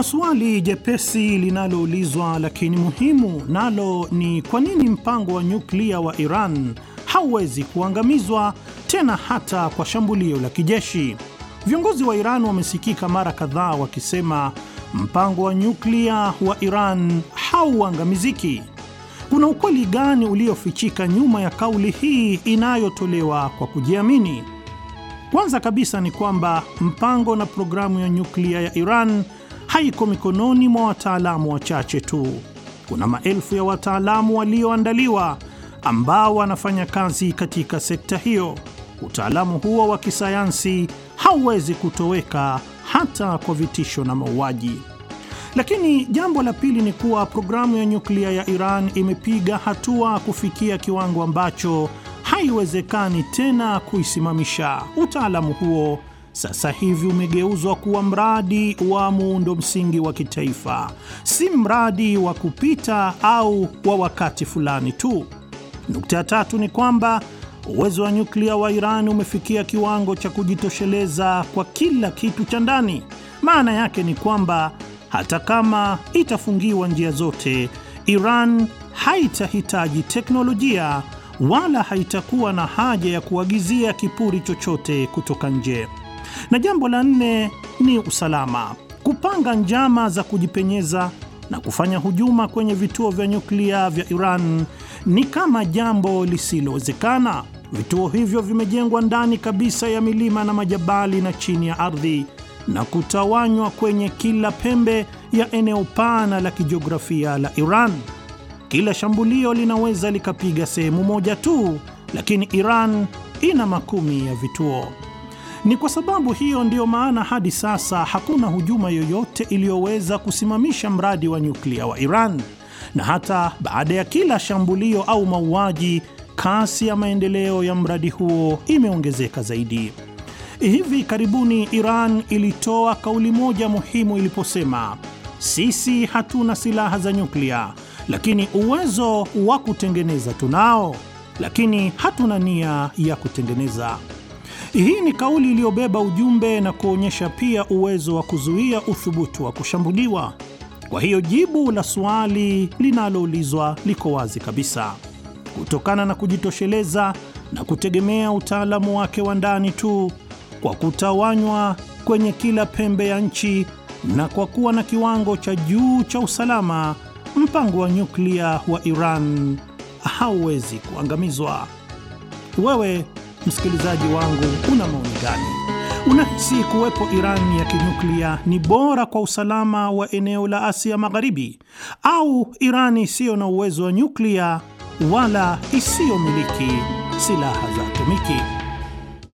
Kuna swali jepesi linaloulizwa lakini muhimu, nalo ni kwa nini mpango wa nyuklia wa Iran hauwezi kuangamizwa tena hata kwa shambulio la kijeshi. Viongozi wa Iran wamesikika mara kadhaa wakisema mpango wa nyuklia wa Iran hauangamiziki. Kuna ukweli gani uliofichika nyuma ya kauli hii inayotolewa kwa kujiamini? Kwanza kabisa ni kwamba mpango na programu ya nyuklia ya Iran haiko mikononi mwa wataalamu wachache tu. Kuna maelfu ya wataalamu walioandaliwa ambao wanafanya kazi katika sekta hiyo. Utaalamu huo wa kisayansi hauwezi kutoweka hata kwa vitisho na mauaji. Lakini jambo la pili ni kuwa programu ya nyuklia ya Iran imepiga hatua kufikia kiwango ambacho haiwezekani tena kuisimamisha. Utaalamu huo sasa hivi umegeuzwa kuwa mradi wa muundo msingi wa kitaifa, si mradi wa kupita au wa wakati fulani tu. Nukta ya tatu ni kwamba uwezo wa nyuklia wa Iran umefikia kiwango cha kujitosheleza kwa kila kitu cha ndani. Maana yake ni kwamba hata kama itafungiwa njia zote, Iran haitahitaji teknolojia wala haitakuwa na haja ya kuagizia kipuri chochote kutoka nje. Na jambo la nne ni usalama, kupanga njama za kujipenyeza na kufanya hujuma kwenye vituo vya nyuklia vya Iran ni kama jambo lisilowezekana. Vituo hivyo vimejengwa ndani kabisa ya milima na majabali na chini ya ardhi na kutawanywa kwenye kila pembe ya eneo pana la kijiografia la Iran. Kila shambulio linaweza likapiga sehemu moja tu, lakini Iran ina makumi ya vituo. Ni kwa sababu hiyo ndiyo maana hadi sasa hakuna hujuma yoyote iliyoweza kusimamisha mradi wa nyuklia wa Iran, na hata baada ya kila shambulio au mauaji, kasi ya maendeleo ya mradi huo imeongezeka zaidi. Hivi karibuni Iran ilitoa kauli moja muhimu iliposema, sisi hatuna silaha za nyuklia, lakini uwezo wa kutengeneza tunao, lakini hatuna nia ya kutengeneza. Hii ni kauli iliyobeba ujumbe na kuonyesha pia uwezo wa kuzuia uthubutu wa kushambuliwa. Kwa hiyo jibu la swali linaloulizwa liko wazi kabisa. Kutokana na kujitosheleza na kutegemea utaalamu wake wa ndani tu, kwa kutawanywa kwenye kila pembe ya nchi na kwa kuwa na kiwango cha juu cha usalama, mpango wa nyuklia wa Iran hauwezi kuangamizwa. Wewe Msikilizaji wangu, una maoni gani? Unahisi kuwepo Iran ya kinyuklia ni bora kwa usalama wa eneo la Asia Magharibi, au Iran isiyo na uwezo wa nyuklia wala isiyomiliki silaha za atomiki?